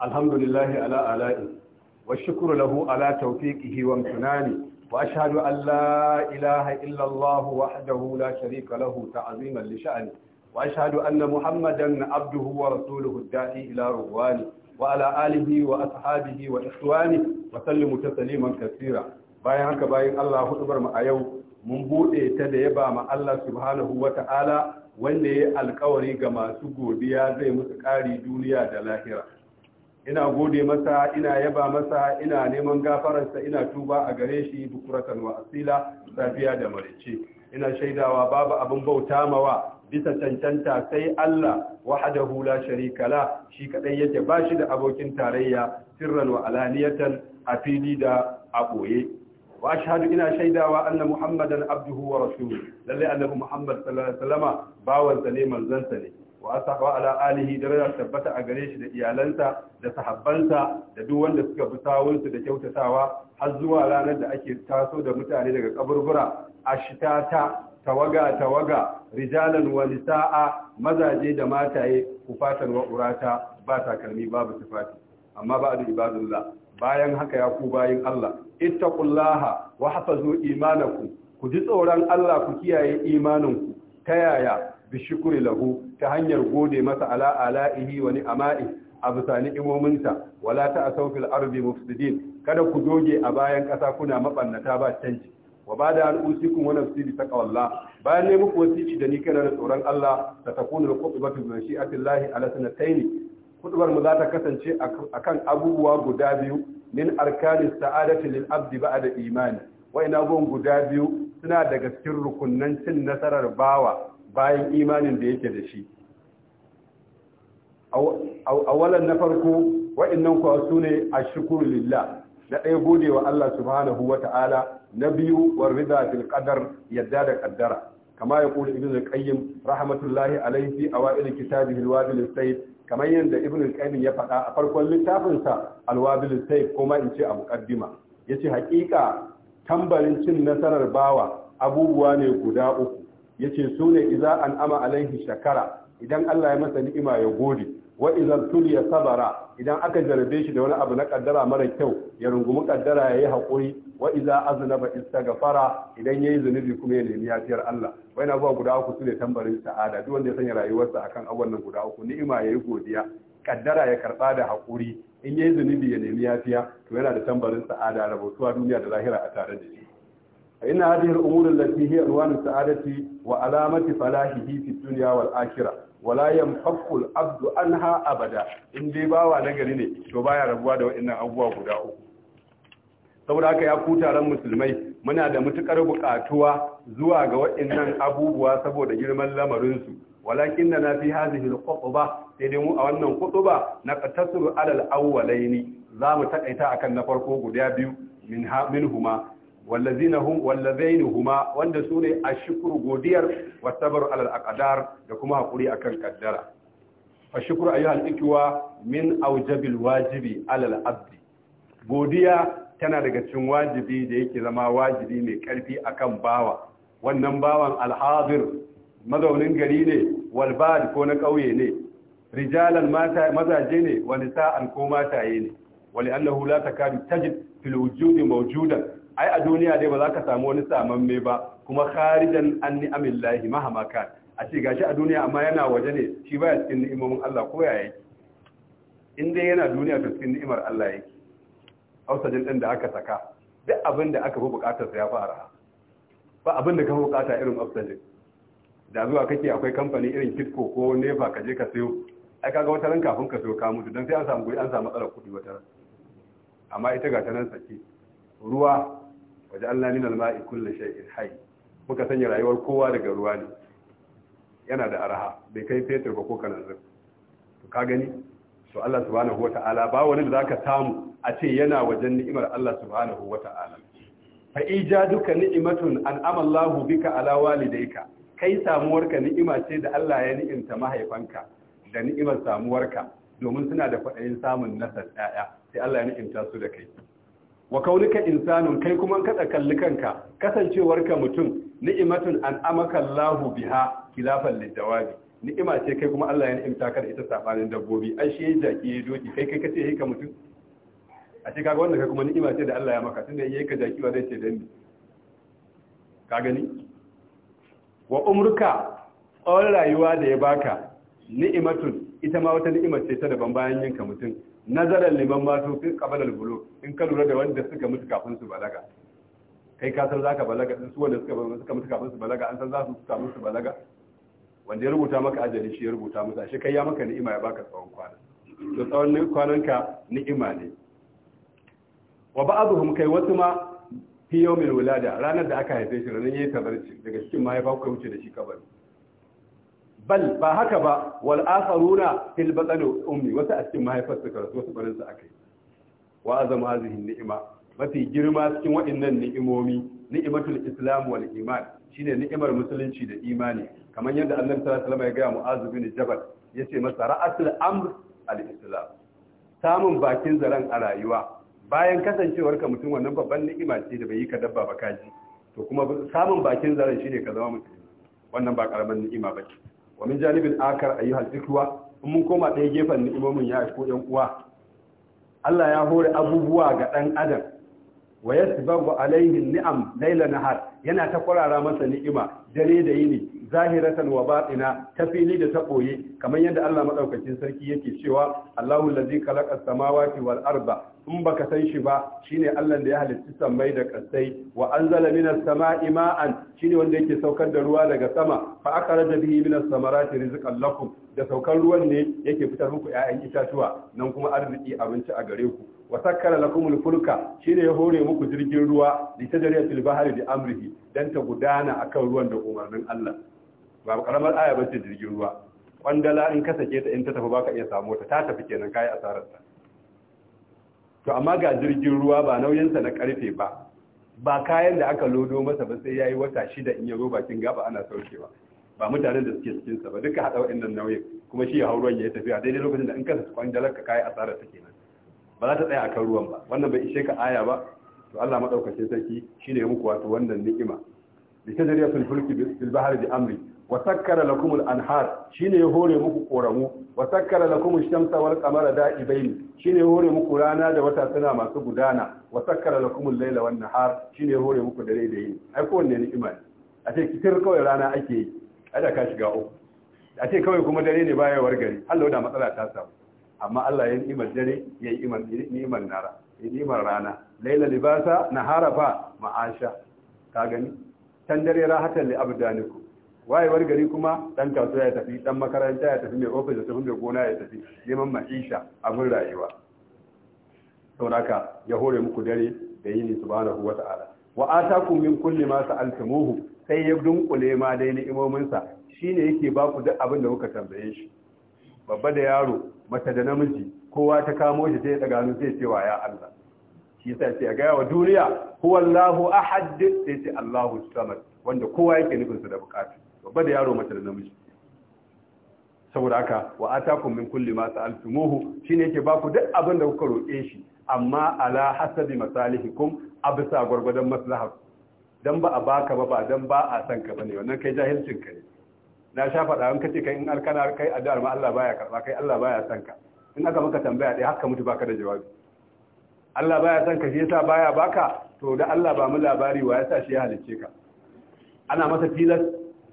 alhamdulillahi ala ala'i wa shukuru lahu ala tawfiqihi wa imtinani wa ashhadu an la ilaha illa Allah wahdahu la sharika lahu ta'ziman li sha'ni wa ashhadu anna Muhammadan abduhu wa rasuluhu da'i ila ruwani wa ala alihi wa ashabihi wa ikhwani wa sallimu tasliman katsira bayan haka bayan Allah hudubar mu a yau mun buɗe ta da yaba ma Allah subhanahu wa ta'ala wanda ya alkawari ga masu godiya zai musu ƙari duniya da lahira ina gode masa ina yaba masa ina neman gafararsa ina tuba a gare shi bukuratan wa asila safiya da marice ina shaidawa babu abin bauta mawa bisa cancanta sai Allah wahdahu la sharika la shi kadai yake bashi da abokin tarayya sirran wa alaniyatan a fili da a boye wa ashhadu ina shaidawa anna muhammadan abduhu wa rasuluhu lalle annabi muhammad sallallahu alaihi wasallama bawansa ne manzansa ne wa asahba ala alihi daraja tabbata a gare shi da iyalansa da sahabbansa da duk wanda suka bi sawunsu da kyautatawa har zuwa ranar da ake taso da mutane daga kaburbura ashita ta, tawaga tawaga rijalan wa nisaa mazaje da mataye fatan wa urata ba takalmi babu tafati, amma ba'du ibadullah bayan haka ya ku bayin Allah ittaqullaha wa hafazu imanakum ku ji tsoron Allah ku kiyaye imaninku ta yaya bi shukri lahu ta hanyar gode masa ala ala'ihi wa ni'ama'i a bisa ni'imominsa wala ta asawfil ardi mufsidin kada ku doge a bayan kasa kuna mabannata ba canji wa ba da al'usikun wani nafsi bi taqwallah bayan ne muku wasici da ni kana da tsoron Allah ta takunu khutbatu bi shi'atillahi ala sanatayn kudubar mu za ta kasance akan abubuwa guda biyu min arkanis sa'adati lil abdi da imani wa ina gon guda biyu suna daga cikin rukunnan cin nasarar bawa bayan imanin da yake da shi awalan na farko wa'annan kuwa su ne a shukuru lillah na ɗaya gode wa Allah subhanahu wa ta'ala na biyu wa rida fil qadar yadda da ƙaddara. kama ya kula ibn al-qayyim rahmatullahi alayhi a awail kitabihi al-wabil al-sayyid kamar yadda ibn al ya faɗa a farkon littafinsa sa al sayyid kuma in ce a ya ce haƙiƙa tambarin cin nasarar bawa abubuwa ne guda uku ya yace sune an an'ama alaihi shakara idan Allah ya masa ni'ima ya gode wa tuli ya sabara idan aka jarabe shi da wani abu na kaddara mara kyau ya rungumi kaddara ya yi hakuri wa iza aznaba istaghfara idan yayi zunubi kuma ya nemi yafiyar Allah wai na ba guda uku sune tambarin sa'ada duk wanda ya sanya rayuwarsa akan abubuwan guda uku ni'ima yayi godiya kaddara ya karba da hakuri in yayi zunubi ya nemi yafiya to yana da tambarin sa'ada rabotuwa duniya da lahira a tare da shi A إن هذه الأمور التي هي عنوان wa وعلامة فلاحه في الدنيا والآخرة ولا ينفك العبد عنها أبدا in دي باوا نغري ne to baya rabuwa da waɗannan abubuwa guda uku saboda haka ya ku taron musulmai muna da mutukar buƙatuwa zuwa ga waɗannan abubuwa saboda girman lamarinsu, su walakin na fi hadhihi al-khutba sai dai mu a wannan khutba na qatasaru alal awwalaini zamu takaita akan na farko guda biyu min minhuma wallazaini huma wanda sune shukuru godiyar wasabar alal da kuma hakuri akan kaddara a ayyuhal ikwa min aujabil wajibi alal abdi godiya tana daga cikin wajibi da yake zama wajibi mai karfi akan bawa wannan bawan alhazir mazaunin gari ne walbad ko na ƙauye ne rijalan mazaje ne wani sa'an ko mataye ne wali allahu la takadu tajid fil wujudi mawjudan ai a duniya dai ba za ka samu wani samamme ba kuma kharijan an ni'amillahi mahama kan a ce gashi a duniya amma yana waje ne shi baya cikin ni'imomin Allah ko ya yake in dai yana duniya ta cikin ni'imar Allah yake jin din da aka saka duk abin da aka fi bukatar sa ya fara ba abin da ka fi bukata irin oxygen da zuwa kake akwai kamfani irin Kitco ko Nefa ka je ka sayo ai kaga wata ran kafin ka sayo ka mutu dan sai an samu guri an samu matsalar kudi wata ran amma ita ga ta nan sake ruwa waje Allah min alma'i kullu shay'in hayy muka sanya rayuwar kowa daga ruwa ne yana da araha bai kai fetur ba ko kananzir to ka gani to Allah subhanahu wata'ala ba wani da zaka samu a ce yana wajen ni'imar Allah subhanahu wata'ala fa ijaduka ni'matun an Amallahu bika ala walidayka kai samuwarka ni'ima ce da Allah ya ni'imta mahaifanka da ni'imar samuwarka domin suna da faɗayin samun nasar ɗaya sai Allah ya ni'imta su da kai wa kaunika insanun kai kuma ka tsakalli kanka kasancewarka mutum ni'imatun an amaka Allahu biha khilafan lidawabi ni'ima ce kai kuma Allah ya ni'imta ka da ita sabanin dabbobi ai shi jaki ya doki kai kai kace hika mutum a ce kaga wannan kai kuma ni'ima ce da Allah ya maka tunda yayi ka jaki wa zai ce danni ka gani wa umruka tsawon rayuwa da ya baka ni'imatun ita ma wata ni'ima ce ta daban bayan yinka mutum nazarar liman mato sun qabala al in ka lura da wanda suka mutu kafin su balaga kai ka san zaka balaga din su wanda suka suka mutu kafin su balaga an san za su mutu kafin su balaga wanda ya rubuta maka ajali shi ya rubuta musu shi kai ya maka ni'ima ya baka tsawon kwana to tsawon ka ni'ima ne wa ba'dhum kai wasu ma fi yawmin wulada ranar da aka haife shi ranar yayin tabarci daga cikin mahaifa ku wuce da shi kabari bal ba haka ba wal akharuna fil batn ummi wasu a cikin mahaifar suka rasu wasu barin su akai wa azam hazihi ni'ima mafi girma cikin waɗannan ni'imomi ni'imatul islam wal iman shine ni'imar musulunci da imani kamar yadda annabi sallallahu alaihi wasallam ya ga mu'az bin jabal yace masa ra'atul amr al islam samun bakin zaren a rayuwa bayan kasancewar ka mutum wannan babban ni'ima ce da bai yi ka dabba ba kaji to kuma samun bakin zaren shine ka zama mutum wannan ba karaman ni'ima ba wa min janibin akar ayyuhal ikwa in mun koma ɗaya gefen ni'imomin ya ko yan uwa Allah ya hore abubuwa ga ɗan adam wa yasbagu alayhi ni'am laila nahar yana ta kwarara masa ni'ima dare da yini zahiratan wa batina ta fili da ta koye kamar yadda Allah madaukakin sarki yake cewa Allahu allazi khalaqa samawati wal arda in baka san shi ba shine Allah da ya halitta sammai da kasai wa anzala minas sama'i ma'an shine wanda yake saukar da ruwa daga sama fa akhraja bihi minas samarati rizqan lakum da saukar ruwan ne yake fitar muku ƴaƴan itatuwa nan kuma arziki abinci a gare ku wa sakkara lakumul fulka shine ya hore muku jirgin ruwa li tajriyatil bahri bi amrihi dan ta gudana akan ruwan da umarnin Allah ba karamar aya bace jirgin ruwa kwandala in ka sake ta in ta tafi baka iya samu ta ta tafi kenan kai asarar to amma ga jirgin ruwa ba nauyinsa na karfe ba ba kayan da aka lodo masa ba sai yayi wata shida in ya zo bakin gaba ana saukewa ba mutanen da suke cikin sa ba duka hada wa'annan nauyin kuma shi ya hau ruwan ya tafi a daidai lokacin da in ka kwandalar ka kai asara ta kenan ba za ta tsaya akan ruwan ba wannan bai ishe ka aya ba to Allah madaukakin sarki shine ya muku wato wannan ni'ima da tajriya fil fulki fil bahri amri wa sakkara lakum anhar shine ya hore muku koramu wa sakkara lakum ash-shamsa wal qamara da'ibaini shine ya hore muku rana da wata suna masu gudana wa sakkara lakum laila layla wan nahar shine ya hore muku dare da yini ai ko wanne ni'ima ne a ce kitir kawai rana ake yi ada ka shiga uku a ce kawai kuma dare ne baya wargari Allah da matsala ta samu amma Allah ya ni'imar dare ya yi ni'imar nara ya ni'imar rana laila libasa nahara fa ma'asha ka gani tandare rahatan li abdanikum wayewar gari kuma dan kasuwa ya tafi dan makaranta ya tafi mai ofis ya tafi mai gona ya tafi neman ma'isha abin rayuwa sauraka ya hore muku dare da yini subhanahu wata'ala wa atakum min kulli ma sa'altumuhu sai ya dunkule ma dai ni'imomin sa shine yake ba ku duk abin da kuka tambaye shi babba da yaro mata da namiji kowa ta kamo shi sai ya daga nan sai ya ce wa ya Allah shi yasa ce a gaya wa duniya huwallahu ahad sai ce Allahu samad wanda kowa yake nufin sa da bukatu babba da yaro mace da namiji saboda haka wa atakum min kulli ma sa'altumuhu shine yake ba ku duk abin da kuka roƙe shi amma ala hasabi masalihikum abisa gwargwadon maslahar dan ba a baka ba ba dan ba a san ka bane wannan kai jahilcin ka ne na sha faɗa an kace kai in alkana kai addu'ar ma Allah baya karba kai Allah baya san ka in aka maka tambaya dai haka mutu baka da jawabi Allah baya son ka shi yasa baya baka to da Allah ba mu labari wa yasa shi ya halicce ka ana masa tilas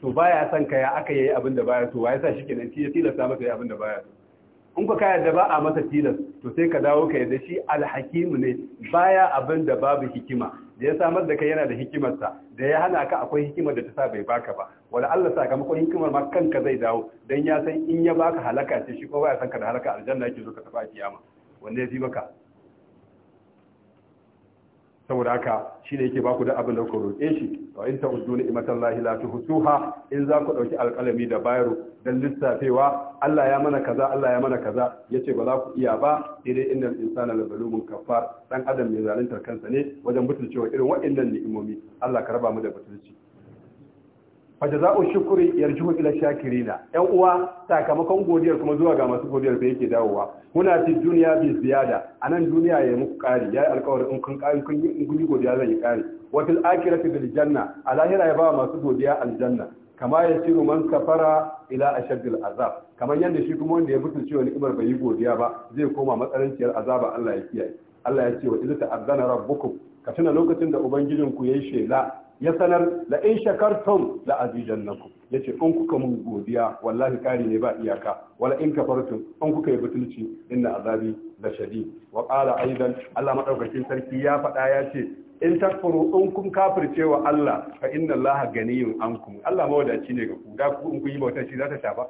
to baya son ka ya aka yayi abin da baya to wa yasa shi kenan shi ya ta masa yayi abin da baya to in ka da ba a masa tilas to sai ka dawo ka yadda shi alhakimu ne baya abin da babu hikima da ya samar da kai yana da hikimarsa da ya hana ka akwai hikimar da ta sa bai baka ba wala Allah sakamakon hikimar ma kanka zai dawo dan ya san in ya baka halaka ce shi ko baya san ka da halaka aljanna yake zo ka tafi kiyama wanda ya fi baka saboda haka shine yake baku da abin da ku roƙe shi wa in ta'uddu ni'matallahi la tuhsuha in za ku dauki alƙalami da bayro dan lissafewa Allah ya mana kaza Allah ya mana kaza yace ba za ku iya ba dai innal insana lazalumun kafar dan adam mai zaluntar kansa ne wajen butulcewa irin waɗannan ni'imomi Allah ka raba mu da butulci fajar za a shukuri yarju ila shakirina yan uwa sakamakon godiyar kuma zuwa ga masu godiyar da yake dawowa muna fi duniya bi ziyada a nan duniya ya muku ƙari ya yi alkawarin in kun ƙari kun yi godiya zan yi ƙari wata fil akhirati a lahira ya ba masu godiya aljanna kama ya ci man kafara ila ashaddil azab kamar yadda shi kuma wanda ya mutu cewa ni'imar bai yi godiya ba zai koma matsalanciyar azaba Allah ya kiyaye Allah ya ce wa idza ta'azzana rabbukum ka tuna lokacin da ubangijinku yayi shela ya sanar la in shakartum la azijannakum yace in kuka mun godiya wallahi kari ne ba iyaka wala in kafartum in kuka yi butulci inna azabi la shadid wa qala aidan Allah madaukakin sarki ya faɗa ya ce in takfuru in kun kafirce wa Allah fa inna Allah ganiyun ankum Allah mawadaci ne ga ku da ku in kun yi bautar shi za ta shafa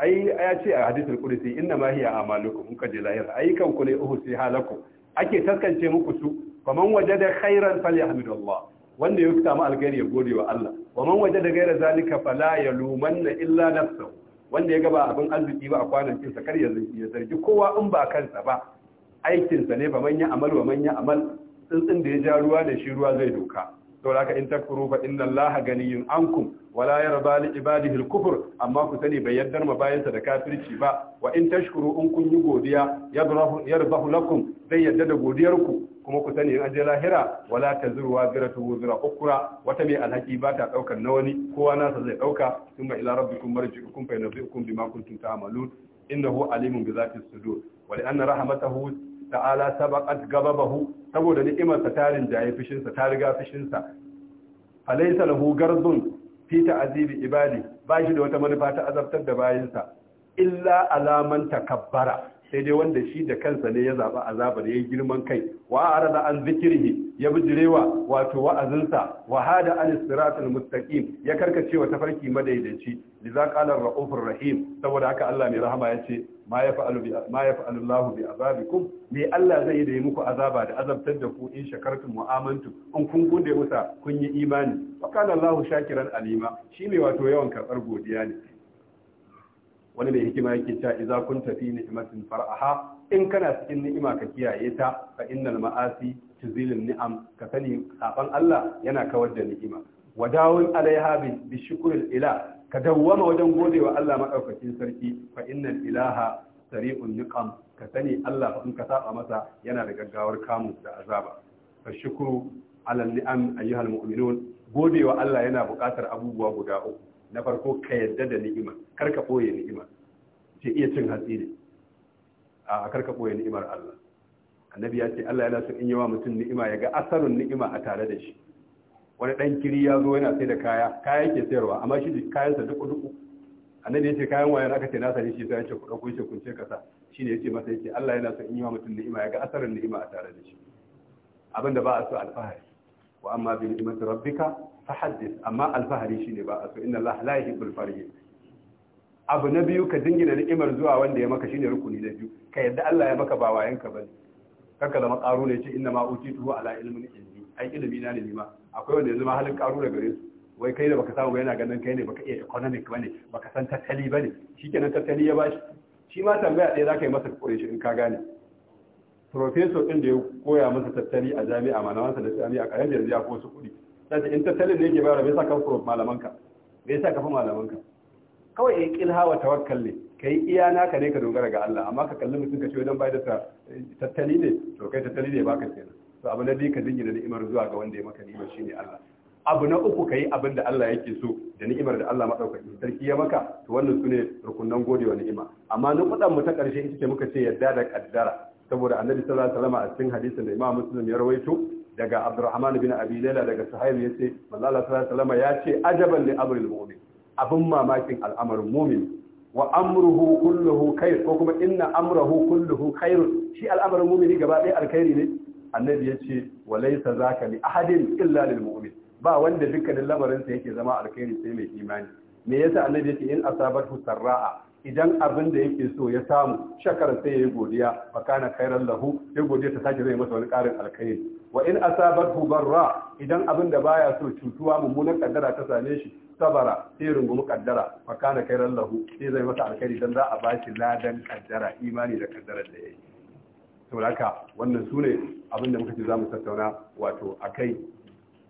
ai ya ce a hadisul qudsi inna ma hiya amalukum in ka je ai kan ku ne uhsi halakum ake taskance muku su faman da khairan allah wanda ya samu alkhairi ya gode wa Allah waje da gaira zalika fala na illa nafsuhu wanda ya gaba abin arziki ba a kwanan cin sa kar ya zargi kowa in ba kansa ba aikin sa ne faman ya amal wa man ya amal tsintsin da ya ja ruwa da shi ruwa zai doka to haka in takfuru fa inna allaha ganiyun ankum wala yarda li ibadihi al-kufr amma ku sani bai yaddar ma bayansa da kafirci ba wa in tashkuru in kun yi godiya yadrahu yardahu lakum zai yadda da godiyar ku. kuma ku sani in aje lahira wala zira ta wuzra ukura wata mai alhaki ba ta daukar na wani kowa nasa zai dauka thumma ila rabbikum marji'ukum fa yunabbi'ukum bima kuntum ta'malun innahu alimun bi zati sudur wa li anna rahmatahu ta'ala sabaqat ghadabahu saboda ni'imar sa tarin jaye fishin sa ta riga fishin sa alaysa lahu gardun fi ta'zibi ibadi ba shi da wata manufa ta azabtar da bayinsa illa alaman takabbara sai dai wanda shi da kansa ne ya zaɓa azabar ya yi girman kai wa arada an zikirhi ya bijirewa wato wa'azinsa wa hada an siratul mustaqim ya karkace wa tafarki madaidaici liza qala ar-raufur rahim saboda haka Allah mai rahama yace ma yaf'alu bi ma yaf'alu Allah bi azabikum me Allah zai da yi muku azaba da azabtar da ku in shakartum wa in kun gode masa kun yi imani wa qala Allah shakiran alima shi mai wato yawan karbar godiya ne wani mai hikima yake cewa idza kunta fi ni'matin far'aha in kana cikin ni'ima ka kiyaye ta fa innal ma'asi tuzilun ni'am ka sani saban Allah yana kawar da ni'ima wa dawun alaiha bi shukril ila ka dawwama wajen godewa Allah madaukakin sarki fa innal ilaha sari'un niqam ka sani Allah in ka saba masa yana da gaggawar kamu da azaba fa shukru ala ni'am ayyuhal mu'minun godewa Allah yana buƙatar abubuwa guda uku na farko ka yadda da ni'ima kar ka boye ni'ima sai iya cin hatsi ne a kar ka boye ni'imar Allah annabi ya ce Allah yana son in yawa mutum ni'ima ya ga asarun ni'ima a tare da shi wani dan kiri ya zo yana sai da kaya kaya yake sayarwa amma shi kayansa duku duku annabi ya ce kayan waye aka ce na sani shi sai ya ce ku dauko shi kun ce kasa shine yace masa yace Allah yana son in yawa mutum ni'ima ya ga asarun ni'ima a tare da shi abinda ba a so alfahari wa amma bi ni'mati rabbika fahaddith amma alfahari shine ba a so inna allaha la yuhibbul farihin abu na biyu ka dingina ni'imar zuwa wanda ya maka shine rukuni na biyu ka yadda Allah ya maka ba wayanka bane kanka zama karu ne ce inna ma utituhu ala ilmin indi ai ilimi na ne ma akwai wanda yanzu ma halin karu da gare su wai kai da baka samu yana ganin kai ne baka iya economic bane baka san tattali bane shikenan tattali ya bashi shi ma tambaya ɗaya zaka yi masa kore shi in ka gane profesor ɗin da ya koya masa tattali a jami'a malamansa da jami'a a kayan yanzu ya fi wasu kuɗi sai in tattalin da yake bayar bai sa kafa prof malamanka bai sa kafa malamanka kawai in kilha wa tawakkal ne kai iya naka ne ka dogara ga Allah amma ka kalli mutum ka ce wajen bayar da tattali ne to kai tattali ne baka kenan to abu na biyu ka dingina ni'imar zuwa ga wanda ya maka ni'imar shine Allah abu na uku ka yi abin da Allah yake so da ni'imar da Allah maɗaukaki sarki ya maka to wannan su ne rukunan godewa ni'ima amma nufudan mu ta ƙarshe ita ce muka ce yadda da ƙaddara saboda annabi sallallahu alaihi wasallam a cikin hadisin da imam muslim ya rawaito daga abdurrahman bin abi laila daga sahib yace manzo Allah sallallahu alaihi wasallam ya ce ajaban li amril mu'min abun mamakin al'amarin mu'min wa amruhu kulluhu khair ko kuma inna amrahu kulluhu khair shi al'amarin mu'mini gaba ɗaya alkhairi ne annabi yace wa laysa zaka li ahadin illa lil mu'min ba wanda dukkanin lamarin sa yake zama alkhairi sai mai imani me yasa annabi yace in asabatu sarra'a idan abin da yake so ya samu shakar sai ya yi godiya ba kana ran lahu sai godiya ta sake zai masa wani karin alkai wa in asabathu barra idan abin da baya so cutuwa mummunan kaddara ta same shi sabara sai rungumi kaddara ba kana ran lahu sai zai masa alkai dan za a shi ladan kaddara imani da kaddarar da yayi saboda haka wannan sune abin da muka ce za mu tattauna wato akai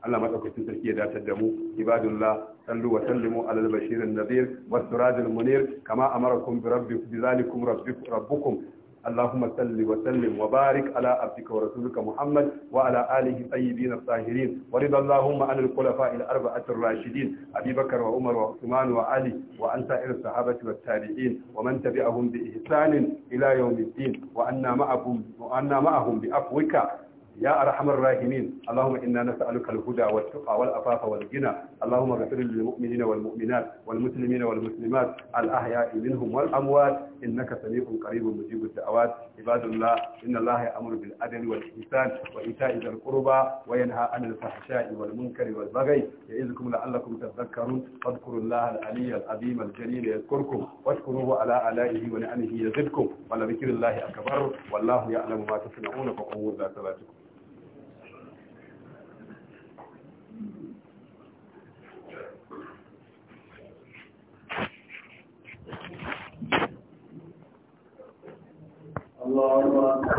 Allah madaukakin sarki ya datar da mu ibadullah صلوا وسلموا على البشير النذير والسراج المنير كما أمركم بربكم بذلكم ربكم, ربكم اللهم صل وسلم وبارك على عبدك ورسولك محمد وعلى آله الطيبين الطاهرين ورضى اللهم عن الخلفاء الأربعة الراشدين أبي بكر وعمر وعثمان وعلي وعن سائر الصحابة والتابعين ومن تبعهم بإحسان إلى يوم الدين وأنا معهم وأنا معهم بعفوك يا أرحم الراحمين اللهم إنا نسألك الهدى والتقى والأفاف والغنى اللهم اغفر للمؤمنين والمؤمنات والمسلمين والمسلمات الأحياء منهم والأموات إنك سميع قريب مجيب الدعوات عباد الله إن الله يأمر بالعدل والإحسان وإيتاء ذي القربى وينهى عن الفحشاء والمنكر والبغي يعظكم لعلكم تذكرون فاذكروا الله العلي العظيم الجليل يذكركم واشكروه على آلائه ونعمه يزدكم ولذكر الله أكبر والله يعلم ما تصنعون فقوموا ذات صلاتكم الله أكبر